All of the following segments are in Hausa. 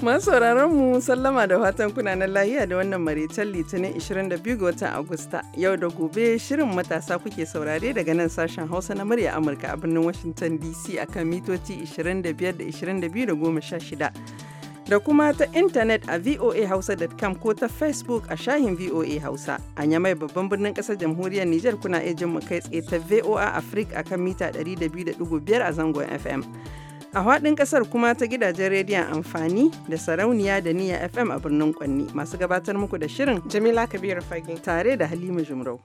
sauraron mu sallama da fatan kuna na lahiya da wannan maraitar litinin 22 ga watan Agusta. Yau da gobe shirin matasa kuke saurare daga nan sashen Hausa na murya Amurka a birnin Washington DC akan mitoci 25 da 22 da 16. Da kuma ta intanet a voahausa.com ko ta Facebook a shahin VOA Hausa. A Yamai babban birnin ƙasar jamhuriyar Nijar kuna iya mu kai tsaye ta VOA Africa akan mita 102.5 a zangon FM. A faɗin ƙasar kuma ta gidajen rediyon amfani da sarauniya da niyya FM a birnin Kwanni masu gabatar muku da shirin Jamila Kabiru Fage tare da Halima Jumrau.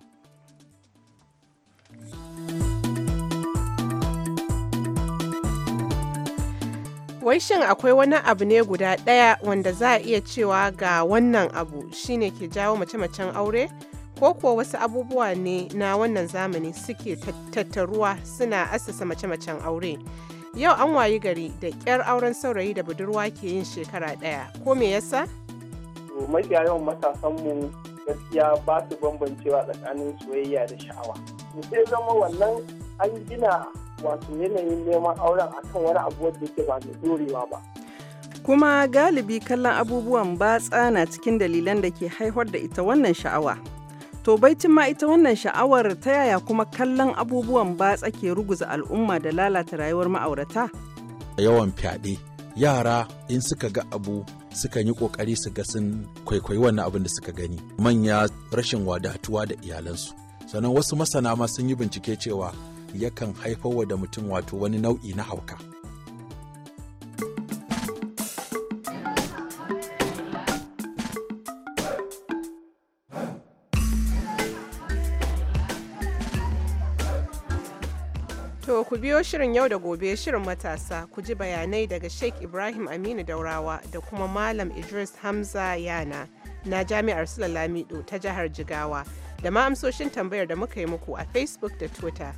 Wai shin akwai wani abu ne guda ɗaya wanda za a iya cewa ga wannan abu shine ke jawo mace-macen aure? Ko kuwa wasu abubuwa ne na wannan zamani suke tattaruwa suna asasa mace-macen aure? Yau an wayi gari da ƙyar auren saurayi da budurwa ke yin shekara ɗaya, ko me yasa? To mafiya yawan matasanmu gaskiya ba su bambancewa tsakanin soyayya da sha'awa. Sai zama wannan an gina wato yanayin neman auren akan wani abu da yake ba da dorewa ba. Kuma galibi kallon abubuwan batsa na cikin dalilan da ke haihuwar da ita wannan sha'awa. To baicin ma ita wannan sha'awar ta yaya kuma kallon abubuwan batsa ke ruguza al'umma da lalata rayuwar ma'aurata? Yawan fyaɗe, yara in suka ga abu sukan yi ƙoƙari su ga sun kwaikwayi wannan abin da suka gani. Manya rashin wadatuwa da iyalansu. Sannan wasu masana ma sun yi bincike cewa yakan haifarwa da mutum wato wani nau'i na hauka. Ku biyo shirin yau da gobe shirin matasa ku ji bayanai daga Sheikh Ibrahim Aminu Daurawa da kuma Malam Idris Hamza Yana na Jami'ar Sulalamido ta jihar Jigawa da ma'amsoshin tambayar da muka yi muku a Facebook da Twitter.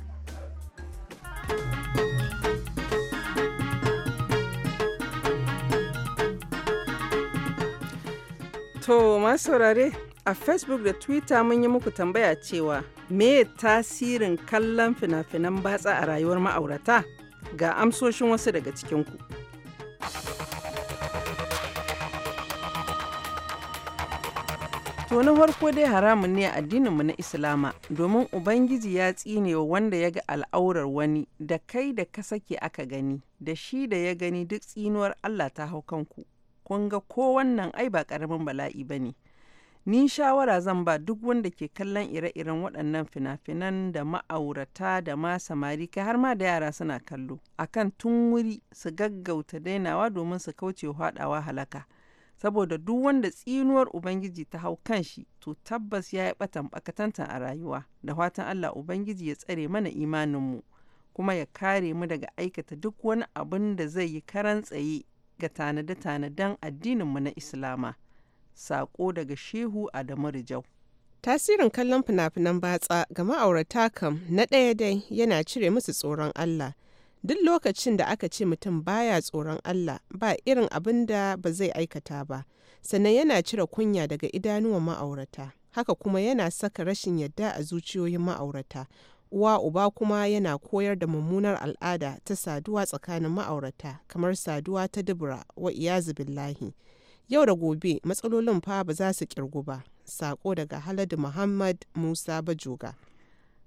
To masu a Facebook da Twitter mun yi muku tambaya cewa me tasirin kallon fina-finan batsa a rayuwar ma'aurata ga amsoshin wasu daga cikinku. To na farko dai haramun ne a addininmu na Islama domin Ubangiji ya tsine wa wanda ya ga al'aurar wani da kai da ka sake aka gani da shi da ya gani duk tsinuwar Allah ta hau kanku. Kun ga ko wannan ai ba ƙaramin bala'i ba ne. Ni shawara zan ba duk wanda ke kallon ire-iren waɗannan fina-finan da ma'aurata da ma samari kai har ma da yara suna kallo a kan tun wuri su gaggauta dainawa domin su kauce haɗawa halaka. Saboda duk wanda tsinuwar Ubangiji ta hau kan shi to tabbas ya yi ɓatan ɓakatantan a rayuwa da fatan Allah Ubangiji ya tsare mana imaninmu kuma ya kare mu daga aikata duk wani abin da zai yi karan tsaye ga tanade-tanaden addininmu na Islama. Sako daga Shehu Adamu Rijau. Tasirin kallon fina-finan batsa ga ma'aurata kam na ɗaya dai yana cire musu tsoron Allah. Duk lokacin da aka ce mutum baya tsoron Allah ba irin abin da ba zai aikata ba, sannan yana cire kunya daga idanuwan ma'aurata, haka kuma yana saka rashin yadda a zuciyoyin ma'aurata. Uwa uba kuma yana koyar da mummunar al'ada ta saduwa tsakanin ma'aurata kamar saduwa ta dubura wa iyazu billahi. Yau da gobe matsalolin fa ba za su kirgu ba. Sako daga Haladu Muhammad Musa Bajoga.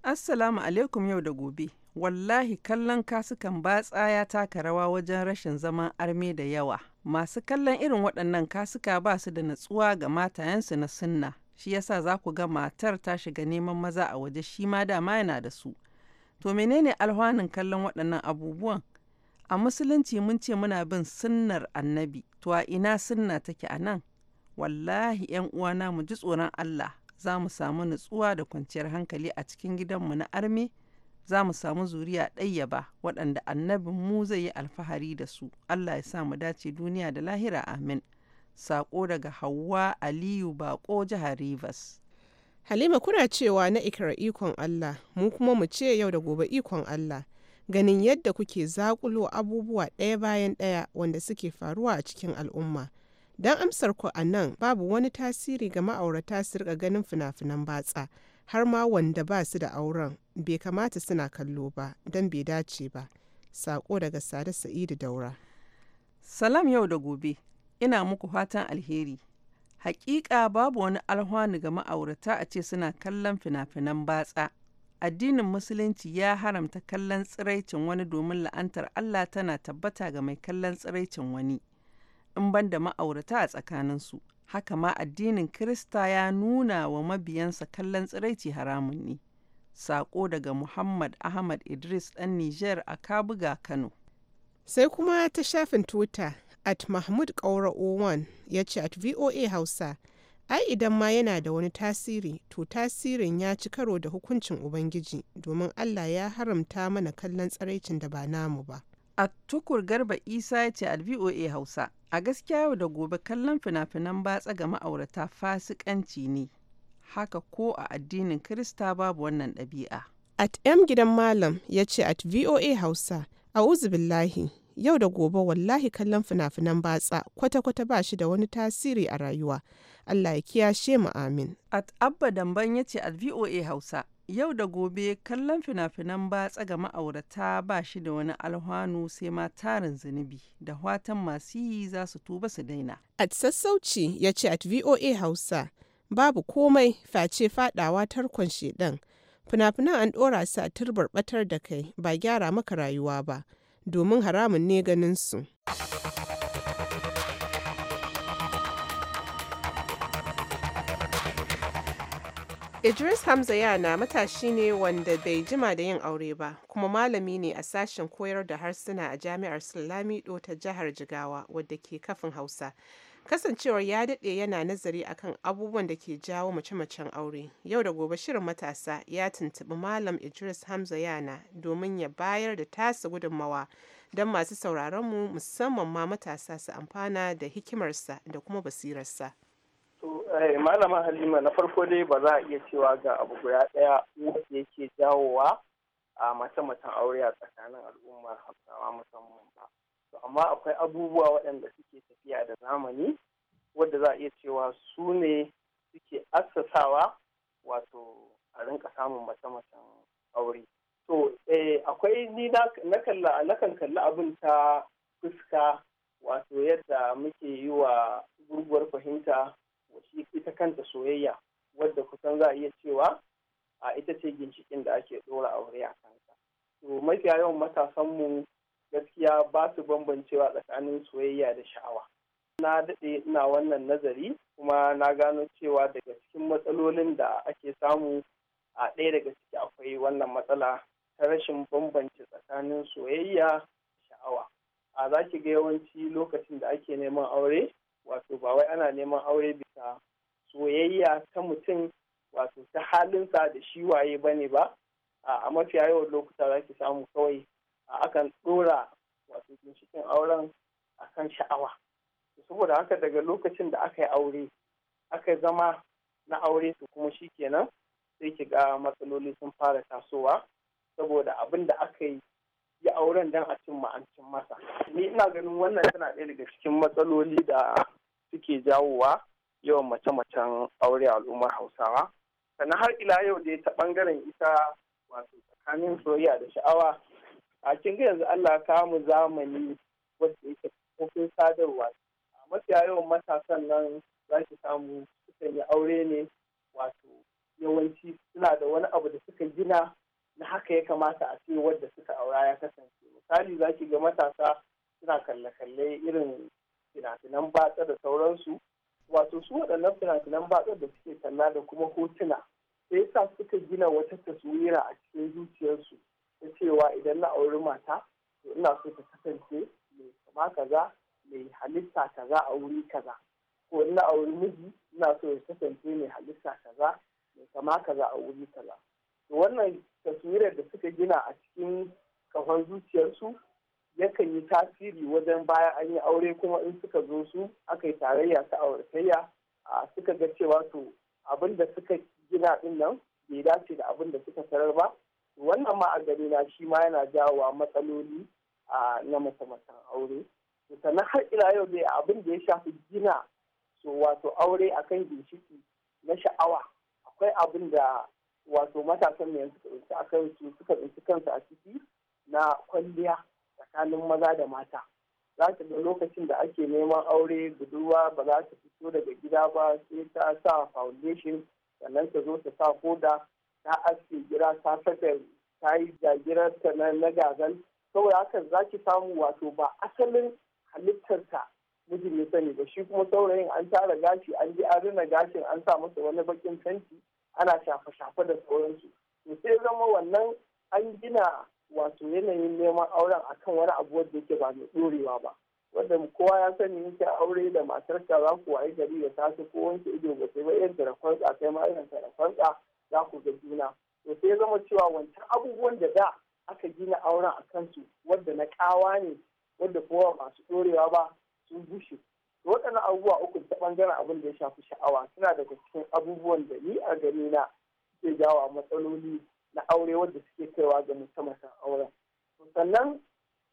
Assalamu alaikum yau da gobe. Wallahi kallon kasukan batsa ya taka rawa wajen rashin zaman arme da yawa. Masu kallon irin waɗannan kasuka ba su da natsuwa ga matayensu na sunna. Shi yasa za ku ga matar ta shiga neman maza a waje shi ma dama yana da su. To menene alhwanin kallon waɗannan abubuwan? a musulunci mun ce muna bin sunnar annabi to a ina sunna take a nan wallahi yan uwana mu ji tsoron Allah za mu samu nutsuwa da kwanciyar hankali a cikin gidanmu na arme za mu samu zuriya ɗayyaba waɗanda annabin mu zai yi alfahari da su Allah ya sa mu dace duniya da lahira amin saƙo daga hawa Aliyu baƙo jihar Rivers Halima kuna cewa na ikra ikon Allah mu kuma mu ce yau da gobe ikon Allah ganin yadda kuke zaƙulo abubuwa ɗaya bayan ɗaya wanda suke faruwa a cikin al'umma. Don amsar ku a nan babu wani tasiri ga ma'aurata su rika ganin fina-finan batsa har ma wanda ba su da auren bai kamata suna kallo ba don bai dace ba. Saƙo daga Sada Sa'idu Daura. Salam yau da gobe, ina muku fatan alheri. Hakika babu wani alhwani ga ma'aurata a ce suna kallon fina-finan batsa addinin musulunci ya haramta kallon tsiraicin wani domin la'antar Allah tana tabbata ga mai kallon tsiraicin wani in banda ma'aurata a tsakaninsu haka ma addinin Kirista ya nuna wa mabiyansa kallon tsiraici haramun ne sako daga Muhammad Ahmad Idris ɗan Nijar a Kabuga Kano sai kuma ta shafin Twitter at Mahmud Kaura 01 ya ce at VOA Hausa ai idan ma yana da wani tasiri to tasirin ya ci karo da hukuncin ubangiji domin allah ya haramta mana kallon tsaraicin da ba namu ba a tukur garba isa ya ce alvoa hausa a gaskiya yau da gobe kallon fina-finan batsa ga ma'aurata fasikanci ne haka ko a addinin kirista babu wannan ɗabi'a at m gidan malam ya ce at voa hausa a billahi yau da gobe wallahi kallon fina-finan batsa kwata-kwata ba shi da wani tasiri a rayuwa Allah ya kiyashe mu amin. At Abba Damban ya ce at VOA Hausa. Yau da gobe kallon fina-finan batsa ga ma'aurata ba shi da wani alhanu sai ma tarin zunubi da watan masu yi za su tuba su daina. At sassauci ya ce at VOA Hausa babu komai face fadawa tarkon shedan. Fina-finan an ɗora su a turbar batar da kai ba gyara maka rayuwa ba domin haramun ne ganin su. Idris Hamza yana matashi ne wanda bai jima da yin aure ba, kuma malami ne a sashen koyar da harsuna a Jami'ar Sulamido ta jihar Jigawa wadda ke kafin Hausa. Kasancewar ya daɗe yana nazari akan abubuwan da ke jawo mace-macen aure. Yau da gobe shirin matasa ya tuntuɓi Malam Idris Hamza yana domin ya bayar da tasa gudunmawa don masu sauraronmu musamman ma matasa su amfana da hikimarsa da kuma basirarsa. Eh, malama halima na farko dai ba za a iya cewa ga abu guda ɗaya wanda yake jawowa a mace-macen aure a tsakanin al'ummar hausawa musamman ba To amma akwai abubuwa waɗanda suke tafiya da zamani wadda za a iya cewa su ne suke asasawa, wato a rinka samun mace-macen aure to eh, akwai ni na kan kalli abin ta fuska wato yadda muke yi wa gurguwar fahimta ita kanta soyayya wadda kusan za a iya cewa a ita ce ginshikin da ake ɗora aure a kanta. to mafiya yawan matasanmu gaskiya ba su bambancewa tsakanin soyayya da sha'awa na daɗe ina wannan nazari kuma na gano cewa daga cikin matsalolin da ake samu a ɗaya daga ciki akwai wannan matsala ta rashin bambance tsakanin soyayya sha'awa a za ki ga yawanci lokacin da ake neman aure wato ba wai ana neman aure soyayya ta mutum wato ta halinsa da shi waye ba ne ba a mafiya yawan lokuta za ki samu kawai akan ɗora wato ginshikin auren a kan sha'awa saboda haka daga lokacin da aka yi aure aka zama na aure su kuma shi kenan sai ki ga matsaloli sun fara tasowa saboda abin da aka yi ya auren don a cimma ma'ancin masa ni ina ganin wannan tana ɗaya daga cikin matsaloli da suke jawowa yawan mace-macen aure a al'ummar hausawa sannan har ila yau dai ta bangaren ita wato tsakanin soyayya da sha'awa a kin ga yanzu Allah ka mu zamani wanda yake kofin sadarwa a mafiya yawan matasan nan za ki samu sukan yi aure ne wato yawanci suna da wani abu da suka gina na haka ya kamata a ce wadda suka aura ya kasance misali za ki ga matasa suna kalle-kalle irin fina-finan batsa da sauransu wato su waɗannan fina-finan batsar da suke sanna da kuma hotuna da yasa suka gina wata taswira a cikin zuciyarsu ta cewa idan na auri mata to ina so ta kasance mai kama kaza mai halitta kaza a wuri kaza ko ina auri miji ina so ya kasance mai halitta kaza mai kama kaza a wuri kaza to wannan taswirar da suka gina a cikin kafar zuciyarsu yakan yi tasiri wajen bayan an yi aure kuma in suka zo su aka yi tarayya ta auratayya a suka ga cewa to abin da suka gina din nan bai dace da abin da suka tarar ba wannan ma a gani na shi ma yana jawowa matsaloli na masamatan aure sannan har ila yau dai abin da ya shafi gina so wato aure akan ginshiki na sha'awa akwai abin da wato matasan ne suka tsinci kansu a ciki na kwalliya tsakanin maza da mata za ta ga lokacin da ake neman aure budurwa ba za ta fito daga gida ba sai ta sa foundation sannan ta zo ta sa koda ta aske gira ta saka ta yi jagirar ta na gazan saboda haka za ki samu wato ba asalin halittarta mijin ya sani ba shi kuma saurayin an tara gashi an ji an rina gashin an sa masa wani bakin fenti ana shafa-shafa da sauransu to sai zama wannan an gina wato yanayin neman auren akan wani abu wanda yake ba mai ɗorewa ba wanda kowa ya sani yake aure da matarka za ku wayi gari da tasu ko wanke ido ba sai ba yin da kwanza kai ma irin da za ku ga juna to sai zama cewa wancan abubuwan da da aka gina auren a kansu wadda na kawa ne wadda kowa masu ɗorewa ba sun bushe waɗannan abubuwa uku ta ɓangaren abin da ya shafi sha'awa suna daga cikin abubuwan da ni a gani na ke jawa matsaloli na aure wanda suke kaiwa ga mace auren sannan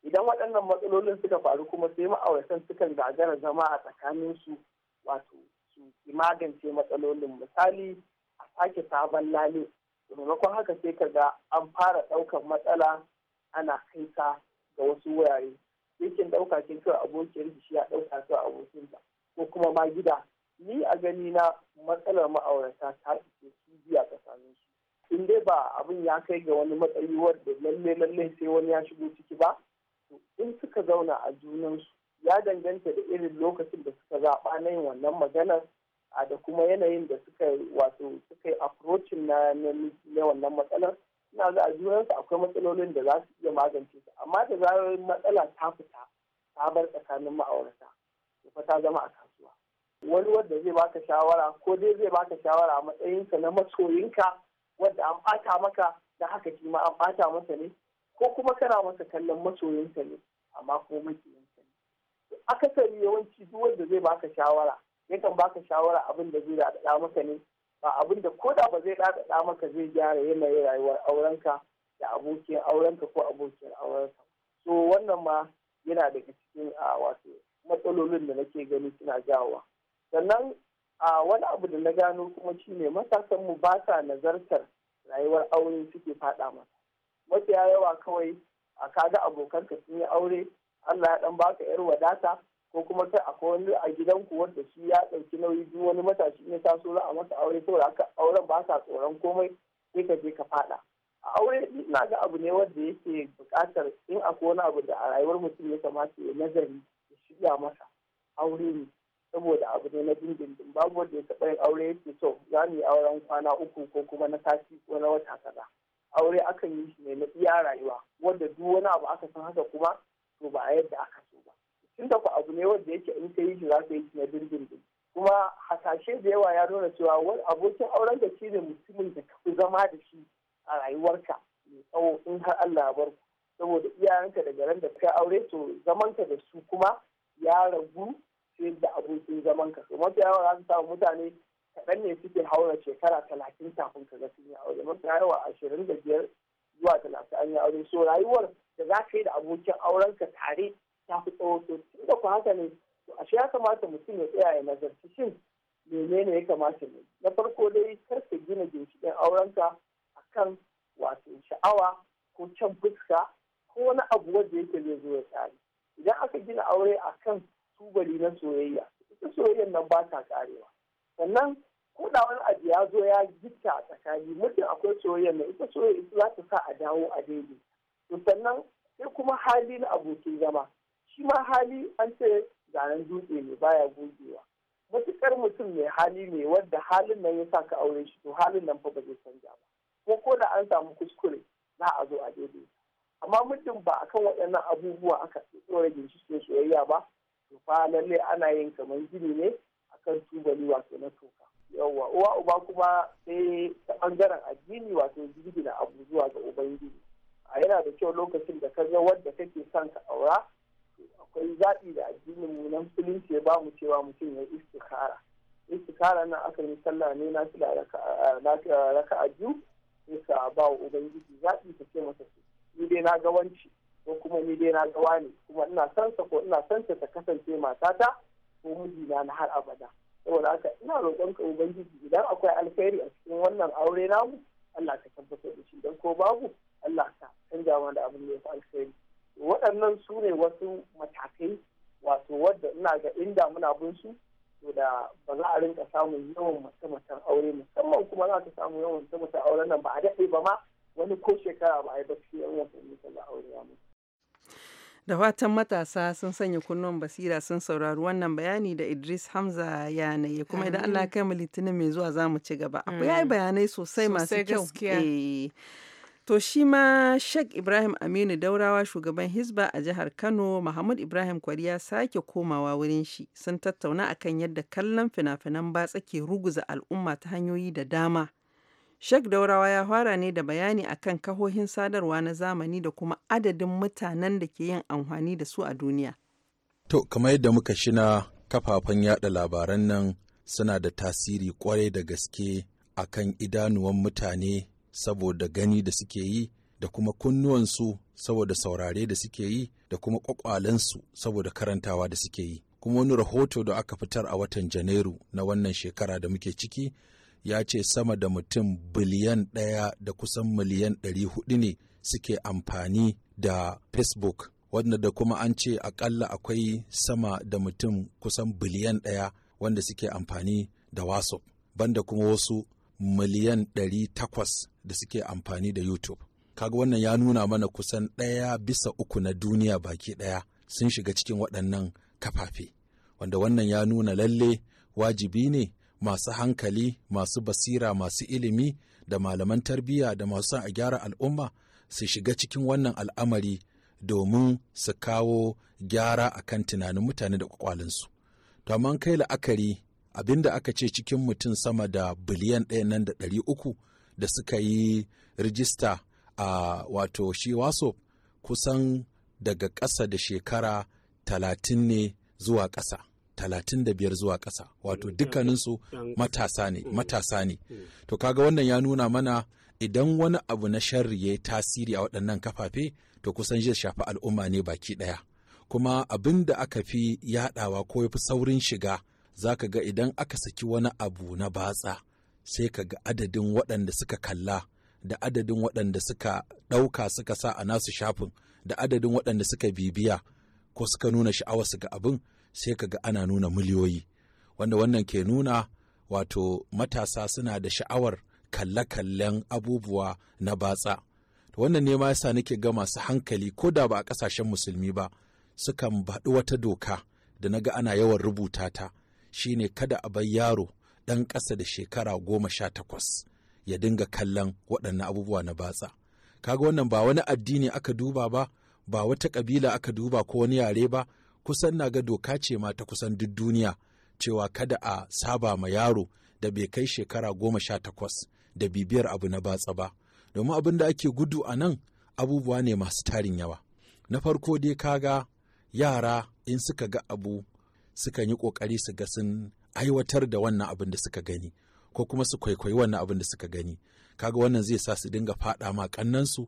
idan waɗannan matsalolin suka faru kuma sai ma'auratan sukan gagara zama a tsakanin su wato su ki magance matsalolin misali a sake sabon lale maimakon haka sai ka ga an fara ɗaukar matsala ana kai ta ga wasu wurare yakin ɗauka kin kawai abokin rikici ya ɗauka abokin abokinta ko kuma ma gida ni a gani na matsalar ma'aurata ta fice su biya tsakanin su in dai ba abin ya kai ga wani matsayi wadda lalle lalle sai wani ya shigo ciki ba in suka zauna a junansu ya danganta da irin lokacin da suka zaɓa na yin wannan maganar a da kuma yanayin da suka wato suka yi approaching na na wannan matsalar ina za a junansu akwai matsalolin da za su iya magance su amma da zarar matsala ta fita ta bar tsakanin ma'aurata fa ta zama a kasuwa wani wanda zai baka shawara ko dai zai baka shawara a matsayinka na masoyinka wanda an ɓata maka da haka shi ma an ɓata masa ne ko kuma kana masa kallon masoyinsa ne amma ko makiyinsa ne akasari yawanci duk wanda zai baka shawara yakan baka shawara abin da zai daɗaɗa maka ne ba abin da koda ba zai daɗaɗa maka zai gyara yanayin rayuwar aurenka da abokin aurenka ko abokin aurenka so wannan ma yana daga cikin ah, wato matsalolin da nake gani suna jawowa sannan a wani abu da na gano kuma shine matasan mu ba sa nazartar rayuwar aure suke faɗa masa mafiya yawa kawai a kaga abokanka sun yi aure Allah ya dan baka yar wadata ko kuma kai akwai wani a gidanku wanda shi ya ɗauki nauyi duk wani matashi ne ta so za a masa aure saboda haka auren ba sa tsoron komai sai ka je ka faɗa a aure ina ga abu ne wanda yake buƙatar in akwai wani abu da a rayuwar mutum ya kamata ya nazari ya shirya masa aure ne saboda abu ne na dindindin babu wanda ya taɓa yin aure yake so za mu yi auren kwana uku ko kuma na sati ko na wata kaza aure akan yi shi ne na iya rayuwa wanda duk wani abu aka san haka kuma to ba a yadda aka so ba da ku abu ne wanda yake in ka yi shi za ka yi shi na dindindin kuma hasashe da yawa ya nuna cewa wani abokin auren da shi ne mutumin da ka fi zama da shi a rayuwarka mai tsawo in har Allah ya bar ku saboda iyayenka daga ran da ka aure to zamanka da su kuma ya ragu sayar da abokin zaman ka mafi yawa za su samu mutane kaɗan ne suke haura shekara talatin kafin ka ga sun yi aure mafi yawa ashirin da biyar zuwa talatin an yi aure so rayuwar da za ka yi da abokin auren ka tare ta fi tsawo to tun da ku haka ne to ashe ya kamata mutum ya tsaya ya nazarci shin menene ya kamata ne na farko dai kar ka gina ginshiƙin aurenka akan wato sha'awa ko can fuska ko wani abu wanda yake zai zo ya tsari idan aka gina aure akan tubali na soyayya ita soyayyar nan ba ta karewa sannan ko da wani abu ya zo ya gita a tsakani mutum akwai soyayyar nan ita soyayya za ta sa a dawo a daidai to sannan sai kuma hali na abokin zama shi ma hali an ce zanen dutse ne baya gogewa matukar mutum mai hali ne wadda halin nan ya sa ka aure shi to halin nan fa ba zai canja ba ko ko da an samu kuskure za a zo a daidai amma mutum ba akan waɗannan abubuwa aka tsorage shi soyayya ba tufa fa lalle ana yin kamar gini ne akan tubali wato na toka yawwa uwa uba kuma sai ta bangaren addini wato jirgin abu zuwa ga ubangiji a yana da kyau lokacin da ka ga wadda kake son ka aura akwai zaɓi da addinin mu na ce ya bamu cewa mutum ya istikara istikara nan aka yi sallah ne na fila raka a biyu ka ba wa ubangiji zaɓi ka ce masa ni dai na ga wanci ko kuma ni dai na ga wani kuma ina son ko ina son ta kasance matata ko mijina na har abada saboda haka ina roƙon ka ubangiji idan akwai alkhairi a cikin wannan aure namu Allah ka tabbatar da shi dan ko babu Allah ka canja mana da abin da ya waɗannan su ne wasu matakai wato wadda ina ga inda muna bin su to da ba za a rinka samun yawan mace-macen aure musamman kuma za ka samu yawan mace-macen auren nan ba a daɗe ba ma wani ko shekara ba a yi ba cikin yan mace-macen aure ya mutu Da fatan matasa sun sanya kunnuwan basira sun saurari wannan bayani da Idris Hamza ya yanayi kuma idan Allah kai mu litinin mai zuwa za mu ci gaba. Akwai yayi mm. bayanai sosai masu kyau. Eh. To shi ma Sheikh Ibrahim Aminu Daurawa shugaban hisba a jihar Kano Muhammad Ibrahim Kwari ya sake komawa wurin shi sun tattauna akan yadda kallon fina-finan batsa ke ruguza al'umma ta hanyoyi da dama. Shak Daurawa ya fara ne da bayani akan kahohin sadarwa na zamani da kuma adadin mutanen da ke yin amfani da su a duniya. To, kamar yadda muka shina kafafen yada labaran nan suna da tasiri kwarai da gaske a kan idanuwan mutane saboda gani da suke yi da kuma kunnuwansu saboda saurare da suke yi da kuma kwakwalensu saboda karantawa da suke yi. Kuma wani rahoto da aka fitar a watan Janairu na wannan shekara da muke ciki ya ce sama da mutum biliyan ɗaya da kusan miliyan ɗari hudu ne suke amfani da facebook wanda da kuma an ce akalla akwai sama da mutum kusan biliyan ɗaya wanda suke amfani da whatsapp banda kuma wasu miliyan ɗari takwas da suke amfani da youtube kaga wannan ya nuna mana kusan ɗaya bisa uku na duniya baki ɗaya sun shiga cikin waɗannan kafafe wanda wannan ya nuna lalle wajibi ne masu hankali masu basira masu ilimi da malaman tarbiyya da masu a gyara al'umma su shiga cikin wannan al'amari domin su kawo gyara a kan tunanin mutane da kwakwalinsu to amma kai la'akari abinda aka ce cikin mutum sama da biliyan ɗaya nan da ɗari uku da suka yi rijista a wato shi waso kusan daga ƙasa da shekara talatin ne zuwa ƙasa talatin da biyar zuwa ƙasa wato mm. dukkaninsu matasa ne mm. matasa ne mm. to kaga wannan ya nuna mana idan wani abu na sharri ya yi tasiri a waɗannan kafafe to kusan zai shafi al'umma ne baki ɗaya kuma abin da aka fi yaɗawa ko ya fi saurin shiga za ka ga idan aka saki wani abu na batsa sai ka ga adadin waɗanda suka kalla da adadin waɗanda suka ɗauka suka sa a nasu shafin da adadin waɗanda suka bibiya ko suka nuna sha'awarsu ga abin sai ka ga ana nuna miliyoyi wanda wannan ke nuna wato matasa suna da sha'awar kalle-kallen abubuwa na batsa wannan ne ma yasa nake ga masu hankali ko da ba a kasashen musulmi ba sukan baɗi wata doka da na ga ana yawan rubuta ta shine kada a bar yaro ɗan ƙasa da shekara goma sha takwas ya dinga kallon waɗannan abubuwa na batsa kaga wannan ba wani addini aka duba ba ba wata ƙabila aka duba ko wani yare ba kusan na ga doka ce ma ta kusan duk duniya cewa kada a saba ma yaro da bai kai shekara goma sha takwas da bibiyar abu na batsa ba domin abin da ake gudu a nan abubuwa ne masu tarin yawa na farko dai kaga yara in suka ga abu suka yi kokari su ga sun aiwatar da wannan abin da suka gani ko kuma su kwaikwayi wannan abin da suka gani kaga wannan zai sa su dinga fada ma kannansu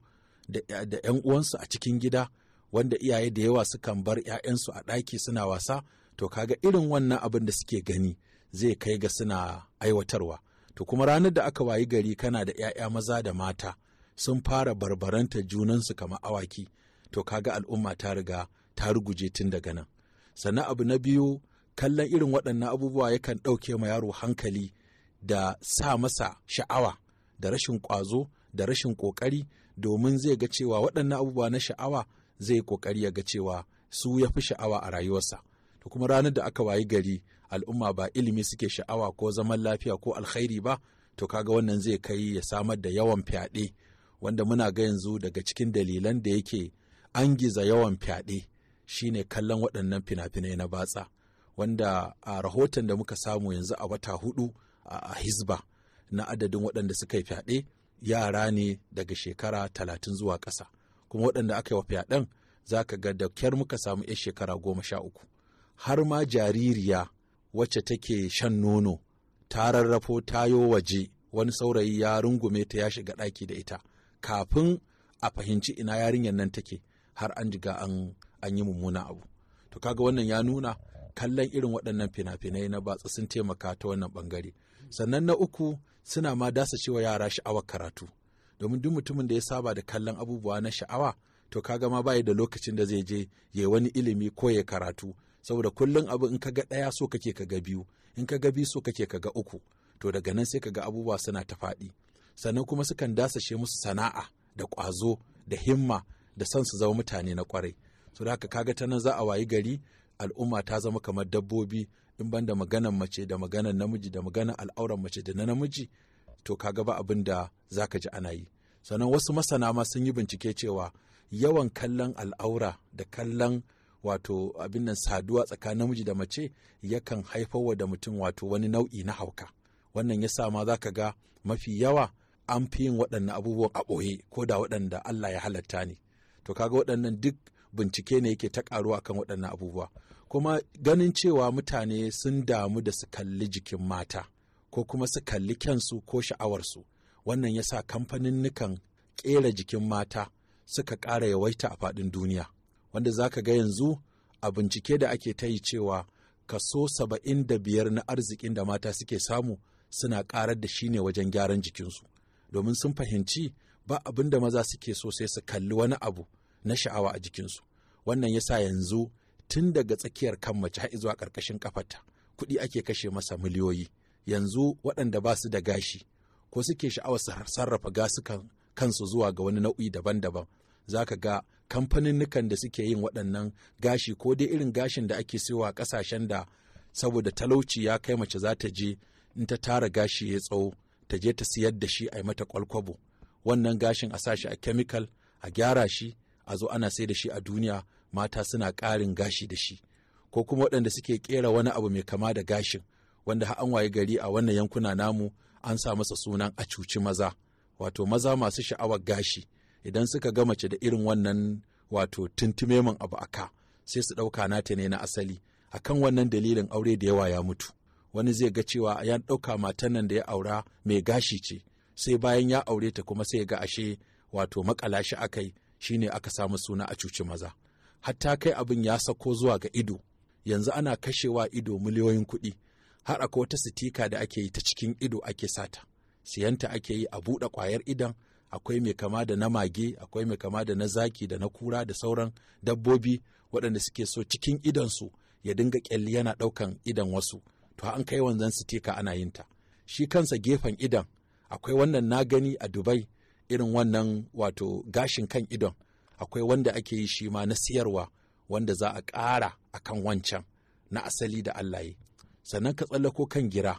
da 'yan uwansu a cikin gida wanda iyaye da yawa sukan bar 'ya'yansu a ɗaki suna wasa to kaga irin wannan abin da suke gani zai kai ga suna aiwatarwa to kuma ranar da aka wayi gari kana da 'ya'ya maza da mata sun fara barbaranta junansu kamar awaki to kaga al'umma ta riga ta ruguje tun daga nan sannan abu na biyu kallon irin waɗannan abubuwa yakan ɗauke ma yaro hankali da sa masa sha'awa da rashin ƙwazo da rashin ƙoƙari domin zai ga cewa waɗannan abubuwa na sha'awa zai yi kokari ya ga cewa su ya fi sha'awa a rayuwarsa to kuma ranar da aka wayi gari al'umma ba ilimi suke sha'awa ko zaman lafiya ko alkhairi ba to kaga wannan zai kai ya samar da yawan fyaɗe wanda muna ga yanzu daga cikin dalilan da yake an giza yawan fyaɗe shine kallon waɗannan fina-finai na batsa wanda a rahoton da muka samu yanzu a wata hudu a hizba na adadin waɗanda suka yi fyaɗe yara ne daga shekara talatin zuwa ƙasa kuma waɗanda aka yi wa fyaɗen za ka ga da kyar muka samu 'yar shekara goma sha uku har ma jaririya wacce take shan nono ta rarrafo ta yo waje wani saurayi ya rungume ta ya shiga ɗaki da ita kafin a fahimci ina yarinyar nan take har an jiga an yi mummuna abu to kaga wannan ya nuna kallon irin waɗannan fina-finai na batsa sun taimaka ta wannan ɓangare sannan na uku suna ma dasa cewa yara sha'awar karatu domin duk mutumin da ya saba da kallon abubuwa na sha'awa to kaga ma bayi da lokacin da zai je ya wani ilimi ko ya karatu saboda kullum abu in ka ga ɗaya so kake ka ga biyu in ka ga biyu so kake ka ga uku to daga nan sai ka ga abubuwa suna ta faɗi sannan kuma sukan dasashe musu sana'a da ƙwazo da himma da son su zama mutane na ƙwarai so da haka kaga ta nan za a wayi gari al'umma ta zama kamar dabbobi in ban da maganan mace da maganan namiji da maganan al'auran mace da na namiji to kaga ba abin da za ka ji ana yi sannan wasu masana ma sun yi bincike cewa yawan kallon al'aura da kallon wato abin nan saduwa tsakanin namiji da mace yakan haifar wa da mutum wato wani nau'i na hauka wannan ya sa ma za ka ga mafi yawa an fi yin waɗannan abubuwan a ɓoye ko da waɗanda Allah ya halatta ne to kaga waɗannan duk bincike ne yake ta ƙaruwa kan waɗannan abubuwa kuma ganin cewa mutane sun damu da su kalli jikin mata ko kuma su kalli kyansu ko sha'awarsu wannan ya sa kamfanin nukan ƙera jikin mata suka ƙara yawaita a faɗin duniya wanda za ka ga yanzu a bincike da ake ta yi cewa kaso saba'in da biyar na arzikin da mata suke samu suna ƙarar da shi ne wajen gyaran jikinsu domin sun fahimci ba abin da maza suke so sai su kalli wani abu na sha'awa a jikinsu wannan ya sa yanzu tun daga tsakiyar kan mace har zuwa ƙarƙashin ƙafarta kuɗi ake kashe masa miliyoyi yanzu waɗanda ba su da gashi ko suke sha'awar sarrafa gasukan kansu zuwa ga wani nau'i daban-daban za ka ga kamfaninnukan da suke yin waɗannan gashi ko dai irin gashin da ake siyowa ƙasashen da saboda talauci ya kai mace za ta je in ta tara gashi ya tsawo ta je ta siyar da shi a yi mata kwalkwabo wannan gashin a sa shi a kemikal a gyara shi a zo ana sai da shi a duniya mata suna ƙarin gashi da shi ko kuma waɗanda suke kera wani abu mai kama da gashin wanda an waye gari a wannan yankuna namu an sa masa sunan a cuci maza wato maza masu sha'awar gashi idan suka ga mace da irin wannan wato tuntumemin abu ka sai su ɗauka nata ne na asali akan wannan dalilin aure da yawa ya mutu wani zai ga cewa ya ɗauka matan nan da ya aura mai gashi ce sai bayan ya aure ta kuma sai ga ashe wato makala shi akai shine aka samu suna a cuci maza hatta kai abin ya sako zuwa ga ido yanzu ana kashewa ido miliyoyin kuɗi har akwai wata sitika da ake yi ta cikin ido ake sata siyanta ake yi a buɗe ƙwayar idan akwai mai kama da na mage akwai mai kama da na zaki da na kura da sauran dabbobi waɗanda suke so cikin su ya dinga ƙyalli yana ɗaukan idan wasu to an kai wanzan sitika ana yin ta shi kansa gefen idan akwai wannan na gani a dubai irin wannan wato gashin kan idon akwai wanda ake yi shi ma na siyarwa wanda za a ƙara akan wancan na asali da allah yi sannan ka tsallako kan gira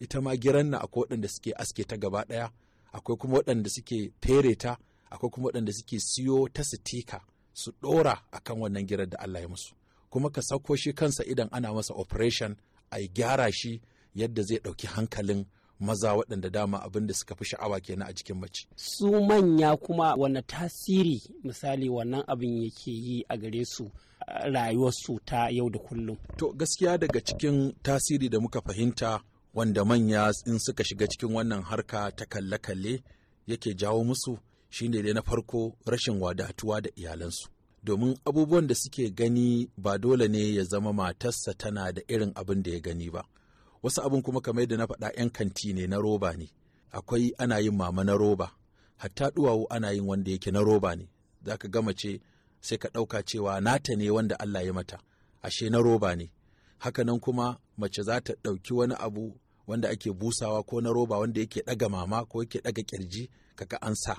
ita ma giran na akwai waɗanda suke aske ta gaba ɗaya akwai kuma waɗanda suke fere ta akwai kuma waɗanda suke siyo ta sitika su ɗora a kan wannan girar da Allah ya musu kuma ka sauko shi kansa idan ana masa operation a gyara shi yadda zai ɗauki hankalin maza waɗanda dama abin da suka fi sha'awa kenan a jikin mace. Su manya kuma wani tasiri misali wannan abin yake yi a gare su rayuwarsu ta yau da kullum. To gaskiya daga cikin tasiri da muka fahimta wanda manya in suka shiga cikin wannan harka ta kalle-kalle yake jawo musu shine dai na farko rashin wadatuwa da iyalansu. domin abubuwan da suke gani ba dole ne ya zama matarsa tana da irin abin da ya gani ba wasu abin kuma kamar yadda na faɗa 'yan kanti ne na roba ne akwai ana yin mama na roba hatta duwawu ana yin wanda yake na roba ne za ka gama ce sai ka ɗauka cewa nata ne wanda Allah ya mata ashe na roba ne haka nan kuma mace za ta ɗauki wani abu wanda ake busawa ko na roba wanda yake ɗaga mama ko yake ɗaga ƙirji kaga an sa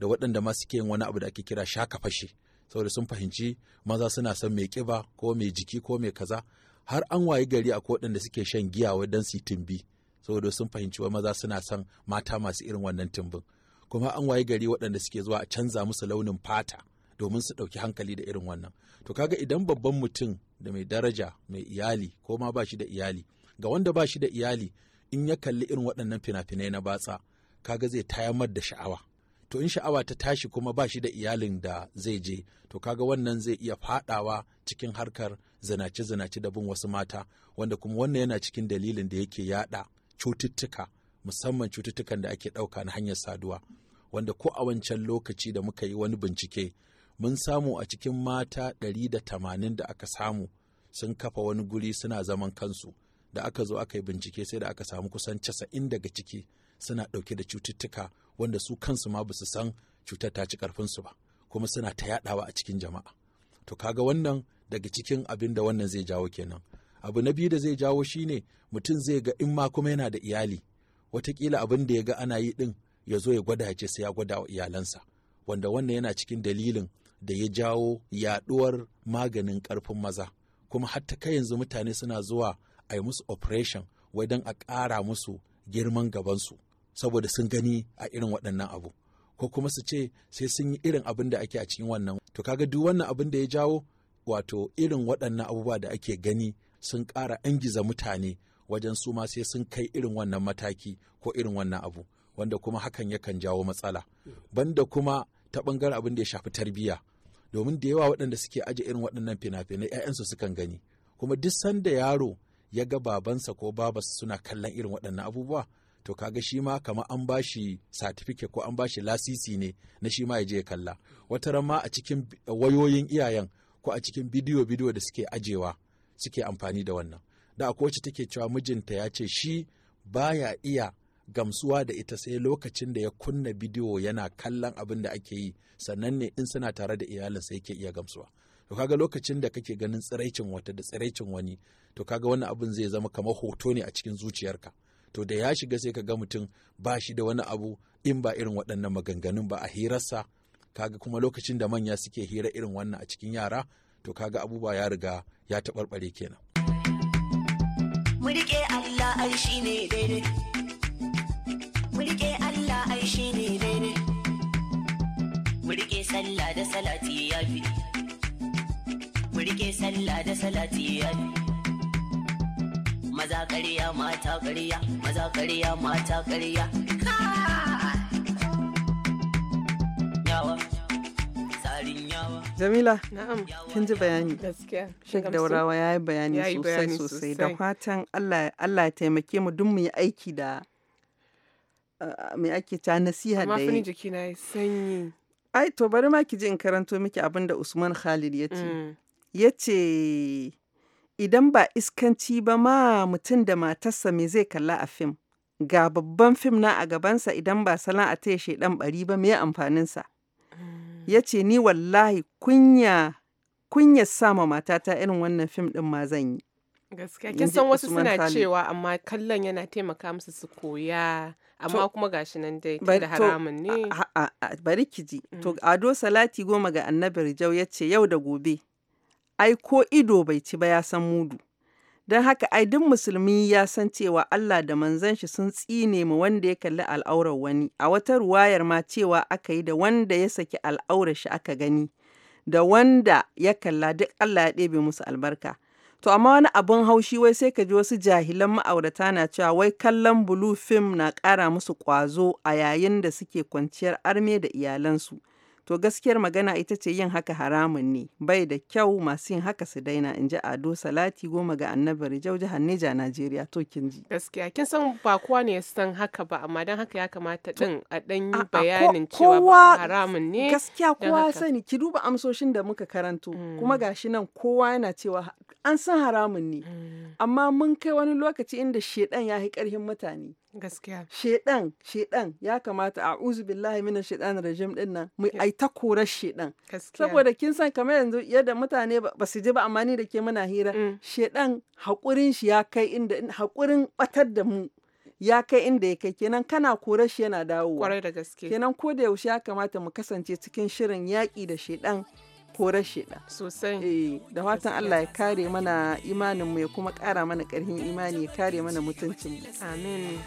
da waɗanda ma suke yin wani abu da ake kira shaka fashe saboda sun fahimci maza suna son mai ƙiba ko mai jiki ko mai kaza har an wayi gari a da suke shan giya wai dan su timbi saboda sun fahimci wa maza suna son mata masu irin wannan timbin kuma an wayi gari waɗanda suke zuwa a canza musu launin fata domin su ɗauki hankali da irin wannan to kaga idan babban mutum da mai daraja mai iyali ko ma ba shi da iyali ga wanda ba shi da iyali in ya kalli irin waɗannan fina-finai na batsa kaga zai tayamar da sha'awa to in sha'awa ta tashi kuma ba shi da iyalin da zai je to kaga wannan zai iya fadawa cikin harkar zinace-zinace da bin wasu mata wanda kuma wannan yana cikin dalilin da yake yada cututtuka musamman cututtukan da ake ɗauka na hanyar saduwa wanda ko a wancan lokaci da muka yi wani bincike mun samu a cikin mata ɗari da tamanin da aka samu sun kafa wani guri suna zaman kansu da aka zo aka yi bincike sai da aka samu kusan casa'in daga ciki suna ɗauke da cututtuka wanda su kansu ma basu san cutar ta ci karfinsu ba kuma suna ta yadawa a cikin jama'a to kaga wannan daga cikin abin da wannan zai jawo kenan abu na biyu da zai jawo shine mutum zai ga in ma kuma yana da iyali watakila abin da ya ga ana yi din ya zo ya gwada ya ce sai ya gwada wa iyalansa wanda wannan yana cikin dalilin da ya jawo yaduwar maganin karfin maza kuma hatta kai yanzu mutane suna zuwa a yi musu operation wai a ƙara musu girman gabansu saboda sun gani a irin waɗannan abu ko kuma su ce sai sun yi irin abin da ake a cikin wannan to kaga duk wannan abin da ya jawo wato irin waɗannan abubuwa da ake gani sun ƙara angiza mutane wajen su ma sai sun kai irin wannan mataki ko irin wannan abu wanda kuma hakan yakan jawo matsala banda kuma ta ɓangaren abin da ya shafi tarbiyya domin da yawa waɗanda suke aje irin waɗannan fina-finai 'ya'yansu sukan gani kuma duk sanda yaro ya ga babansa ko babarsa suna kallon irin waɗannan abubuwa to kaga shi ma kama an ba shi certificate ko an bashi lasisi ne na shi ma ya je ya kalla wata ran ma a cikin wayoyin iyayen ko a cikin bidiyo bidiyo da suke ajewa suke amfani da wannan da akwai wacce take cewa mijinta ya ce shi baya iya gamsuwa da ita sai lokacin da ya kunna bidiyo yana kallon abin da ake yi sannan ne in suna tare da iyalin iyalinsa ke iya gamsuwa to kaga lokacin da kake ganin tsiraicin wata da tsiraicin wani to kaga wannan abin zai zama kamar hoto ne a cikin zuciyarka to da ya shiga sai ka ga mutum ba shi da wani abu in ba irin waɗannan maganganun ba a hirarsa kaga kuma lokacin da manya suke hira irin wannan a cikin yara to kaga abubuwa ya riga ya taɓarɓare kenan. Mu Allah ai shi ne daidai. Mu Allah ai shi ne daidai. Mu sallah da salati ya fi. Mu riƙe sallah da salati ya fi. maza ƙarya mata ƙarya maza ƙarya mata ƙarya Jamila, Kin ji bayani? Shek Sheikh Daurawa ya yi bayani sosai sosai da fatan Allah ya taimake mu dun mu yi aiki da mai ake ta nasiha da yi. jiki na yi sanyi. Ai to bari ma ki ji in karanto miki abin da Usman Khalid ya ce. Mm. Ya ce Idan ba iskanci ba ma mutum da matarsa me zai kalla a fim? Ga babban fim na a gabansa idan ba salon a taya shaiɗan ɓari ba me amfaninsa? Ya ce ni wallahi kunya kunya sama matata irin wannan fim ɗin ma zan yi. Gaskiya kin san wasu suna cewa amma kallon yana taimaka musu su koya amma kuma gashi nan dai da haramun ne. Bari ki ji. To mm. Ado Salati goma ga Annabi Rijau ya ce yau da gobe ai ko ido bai ci ba ya san mudu. Don haka ai duk musulmi ya san cewa Allah da manzon shi sun tsine ma wanda ya kalli al'aurar wani, a wata ruwayar ma cewa aka yi da wanda ya saki al'aurar shi aka gani, da wanda ya kalla duk Allah ya ɗebe musu albarka. To amma wani abun haushi wai sai ka ji wasu jahilan ma'aurata na cewa wai kallon bulu fim na ƙara musu ƙwazo a yayin da suke kwanciyar arme da iyalansu. To gaskiyar magana ita ce yin haka haramun ne, bai da kyau masu yin haka su daina in ji Ado Salati goma ga annabi Rijau jihar Neja Najeriya to kin ji. Gaskiya kin san ba kowa ne ya san haka ba amma dan haka ya kamata din a dan yi bayanin cewa haramun ne. Gaskiya kowa sani ki duba amsoshin da muka karanto kuma mm. gashi nan kowa yana cewa an san haramun ne mm. amma mun kai wani lokaci inda shedan ya yi karhin mutane. gaskiya shedan shedan ya kamata a billahi mina shedan rajim din nan mu ai ta korar shedan saboda kin san kamar yanzu yadda mutane ba su ji ba amma ni da ke muna hira mm. shedan hakurin shi ya kai inda hakurin batar da mu ya kai inda ya kai kenan kana korar shi yana dawowa kenan ko da yaushe ya kamata mu kasance cikin shirin yaki da shedan korar shaidan sosai eh da fatan Allah ya kare mana imanin mu ya kuma kara mana karfin imani ya kare mana mutuncin mu amin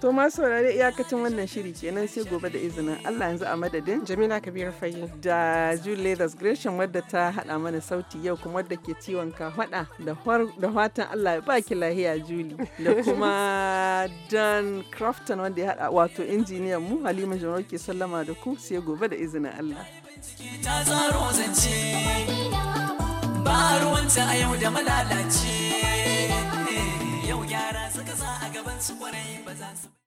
to ma saurare iyakacin wannan shiri kenan sai gobe da izinin Allah yanzu a madadin Jamila Kabir Fayi da Julie Leathers Gresham wadda ta haɗa mana sauti yau kuma wadda ke ciwon ka da da fatan Allah ya baki lahiya Julie da kuma Dan Crafton wanda ya haɗa wato injiniyan mu Halima Jamaru ke sallama da ku sai gobe da izinin Allah ta tsaro zance ba ruwanta a yau da malalace yau gyara suka sa a gaban su kwarai ba za su